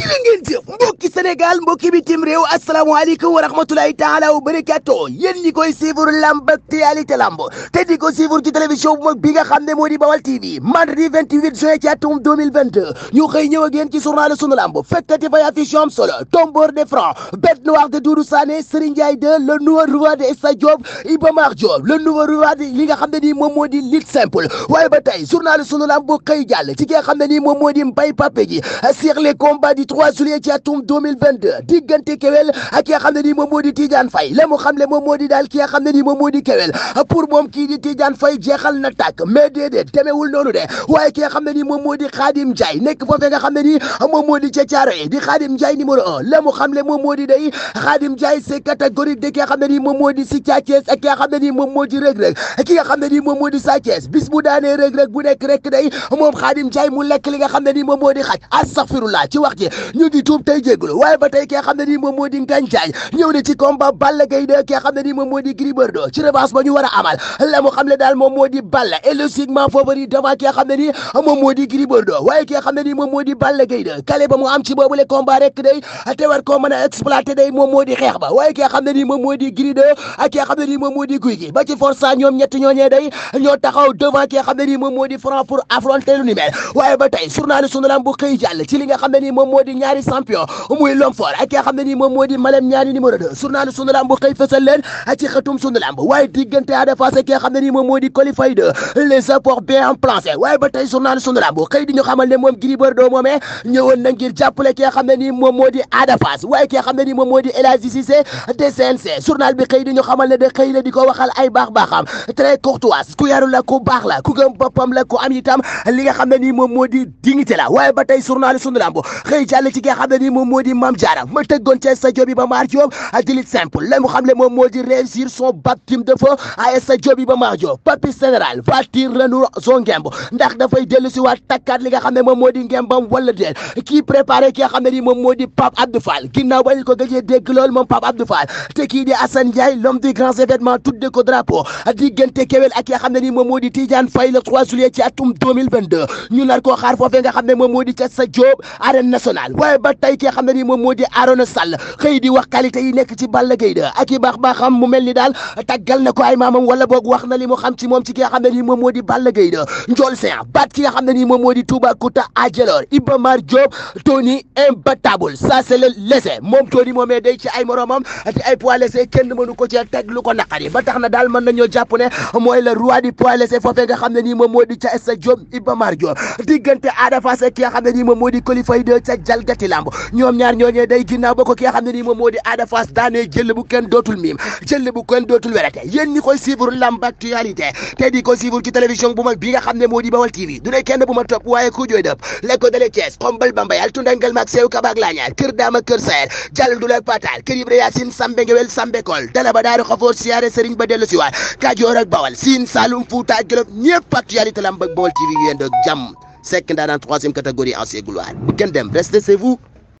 jërë ngeen jëf mbokki Sénégal mbokki bitim réew asalaamaaleykum wa rahmatulahi taala wa barakato yéen ñi koy suivre lamb ak réalité lamb te di ko suivre ci télévision bu mag bi nga xam ne moo di Bawal TV mardi 28 juin ci atum 2022 ñu xëy ñëw ak yéen ci journal sunu lamb fekkati fay affiche am solo tombeur de franc bête noire de Doudou Sané Serigne Ndiaye 2 le nouveau roi de Stade Diop Iba Mar Diop le nouveau roi de li nga xam ne nii moom moo di lutte simple waaye ba ci ki xam ne moom moo di Mbaye Pape ji sur 3 juillet ci atum 2022 diggante Kewel ak ki nga xam ne nii moom moo di fay Faye la mu xam ne moom moo di daal ki nga xam ne ni moom moo di Kewel pour moom kii di Tidiane Faye jeexal na tàkk mais déedéet demewul noonu de waaye ki a xam ne nii moom moo di Khadim Ndiaye nekk foofee a xam ne nii moom moo di ca caaro yi di Khadim Ndiaye numéro 1 la mu xam ne moom moo di day Khadim Ndiaye c'est catégorique de ki nga xam ne nii moom moo di si Thiès ak ki nga xam ne nii moom moo di Reug Reug ki a xam ne nii moom moo Sa Thiès bis bu rek day moom Khadim Ndiaye li nga xam ne nii moom moo di xaj astaghfirullah ci wax ji ñu ngi tuub tey jégalu waaye ba tey kee xam ne nii moom di ngàncaay ñëw na ci combat Balla Gaye 2 kee xam ne nii di Gris ci revanche ba ñu war a amal la mu xam ne daal moom di Balla est logiquement favori devant kee xam ne nii moom moo di Gris waaye kee xam ne nii moom di Balla Gaye kale ba mu am ci boobule combat rek day te war koo mën a exploité day moom di xeex ba waaye kee xam ne nii moom di Gris 2 ak kee xam ne nii di guy gi ba di ñaari champion muy l'homme fort ak ki nga xam ne nii moom moo di Malem Niani numéro 2 journal sunu bu xëy fësal leen ci xam ne nii moom moo di qualifié de les apports bien placés waaye ba tey journal sunu lamb di ñu xamal ne moom Gris Bordeaux moomee ñëwoon na ngir jàppale ki nga xam ne nii moom moo di waaye ki xam ne nii moom moo di El Hadji Cissé de CNC bi xëy di ñu xamal ne de xëy na di ko waxal ay baax baaxam très courtoise ku yaru la ku jàll ci nga xam ne nii moom moo di Mame Diarra ma tëggoon ca stade Iba Mar Diop ah, di lutte simple la mu xam ne moom moo di réussir son baptême de feu à stade Iba Mar Diop papi général vatir renu son ngemb ndax dafay dellu si waat takkaat li nga xam ne moom moo di ngembam wala déet kii préparé ki nga xam ne nii moom moo di Pape Abdou Fall ginnaaw ba ñu ko gëjee dégg lool moom Pape Abdou Fall te kii di Assane Ndiaye ah, kewel ak ki nga xam ne nii moom moo di Tidiane Faye le 3 juillet ci xam ne moom moo di ca sa waaye ba tey ki xam ne ni moom moo di Arona Sall xëy di wax qualité i nekk ci Balla Gaye da ak i baax baaxam mu mel ni daal taggal na ko ay maamam wala boog wax na li mu xam ci moom ci ki nga xam ne ni moom moo di Balla Gaye da njool sen baat ki xam ne ni moom moo di Toubacouta ajalor Iba Mar Diop Tony imbattable ça c'est le laissé moom Tony moomee day ci ay moromam di ay poids laissé kenn mënu ko ci teg lu ko naqari ba tax na daal man na jàpp ne mooy le roi xam ne nii moom moo di ca stade Iba Mar Diop diggante moo di jalgati lamb ñoom ñaar ñooñee day ginnaaw ba ko ki nga xam ne nii moom moo di Ada daanee jël bu kenn dootul miim jël bu kenn dootul werete yéen ñi koy suivre lamb actualité te di ko suivre ci télévision bu mag bi nga xam ne moo di Bawal TV du ne kenn bu ma topp waaye ku jooy dëpp la ko dalee Thiès xombal bambayal tundangal maag seew kabaak laañaar kër daama kër sayel jàll du la patal kër Ibra Yaasin sambe ngewel sambekol dala ba daaru xafoor siyaare sëriñ ba Seck Ndaanaan troisième catégorie ancienne gloire bu kenn dem restez chez vous